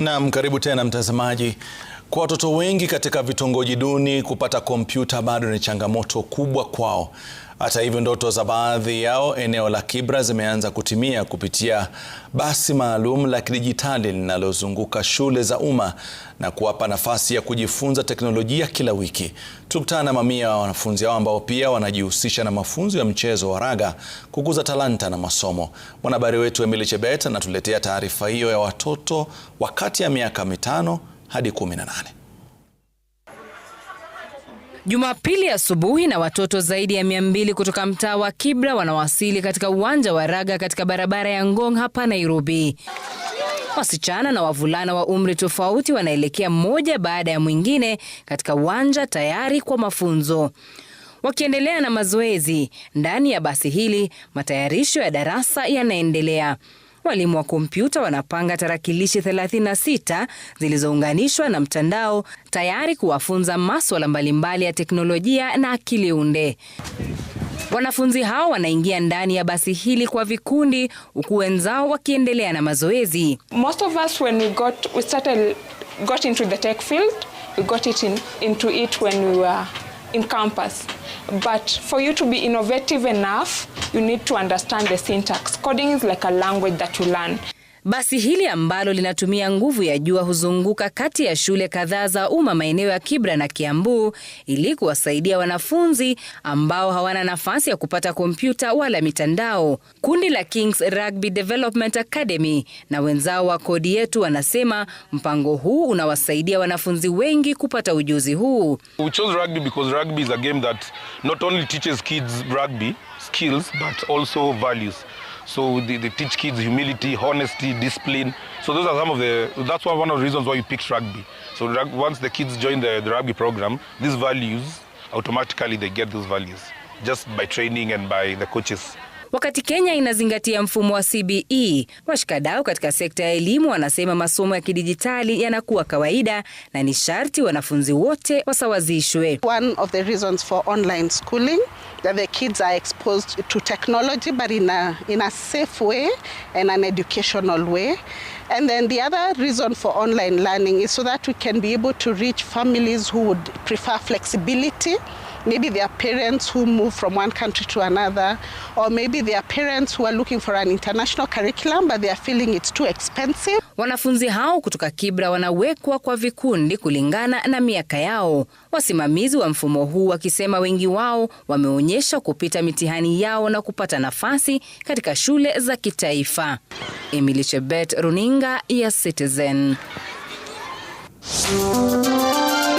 Naam, karibu tena mtazamaji. Kwa watoto wengi katika vitongoji duni kupata kompyuta bado ni changamoto kubwa kwao. Hata hivyo, ndoto za baadhi yao eneo la Kibra zimeanza kutimia kupitia basi maalum la kidijitali linalozunguka shule za umma na kuwapa nafasi ya kujifunza teknolojia kila wiki. Tukutana na mamia ya wanafunzi hao ambao pia wanajihusisha na mafunzo ya mchezo wa raga kukuza talanta na masomo. Mwanahabari wetu Emily Chebet anatuletea taarifa hiyo ya watoto wakati ya miaka mitano hadi 18. Jumapili asubuhi na watoto zaidi ya mia mbili kutoka mtaa wa Kibra wanawasili katika uwanja wa raga katika barabara ya Ngong hapa Nairobi. Wasichana na wavulana wa umri tofauti wanaelekea mmoja baada ya mwingine katika uwanja tayari kwa mafunzo. Wakiendelea na mazoezi ndani ya basi hili, matayarisho ya darasa yanaendelea walimu wa kompyuta wanapanga tarakilishi 36 zilizounganishwa na mtandao tayari kuwafunza maswala mbalimbali ya teknolojia na akili unde. Wanafunzi hao wanaingia ndani ya basi hili kwa vikundi, huku wenzao wakiendelea na mazoezi. in campus. But for you to be innovative enough, you need to understand the syntax. Coding is like a language that you learn. Basi hili ambalo linatumia nguvu ya jua huzunguka kati ya shule kadhaa za umma maeneo ya Kibra na Kiambu ili kuwasaidia wanafunzi ambao hawana nafasi ya kupata kompyuta wala mitandao. Kundi la Kings Rugby Development Academy na wenzao wa Kodi Yetu wanasema mpango huu unawasaidia wanafunzi wengi kupata ujuzi huu. We chose rugby because rugby is a game that not only teaches kids rugby skills but also values. So they, they teach kids humility, honesty, discipline. So those are some of the, that's one of the reasons why you picked rugby. So once the kids join the, the rugby program, these values, automatically they get those values just by training and by the coaches. Wakati Kenya inazingatia mfumo wa CBE, washikadau katika sekta ya elimu wanasema masomo ya kidijitali yanakuwa kawaida na ni sharti wanafunzi wote wasawazishwe. One of the reasons for online schooling that the kids are exposed to technology but in a, in a safe way and an educational way. And then the other reason for online learning is so that we can be able to reach families who would prefer flexibility maybe their parents who move from one country to another, or maybe their parents who are looking for an international curriculum but they are feeling it's too expensive. Wanafunzi hao kutoka Kibra wanawekwa kwa vikundi kulingana na miaka yao, wasimamizi wa mfumo huu wakisema wengi wao wameonyesha kupita mitihani yao na kupata nafasi katika shule za kitaifa. Emily Chebet, Runinga ya Citizen.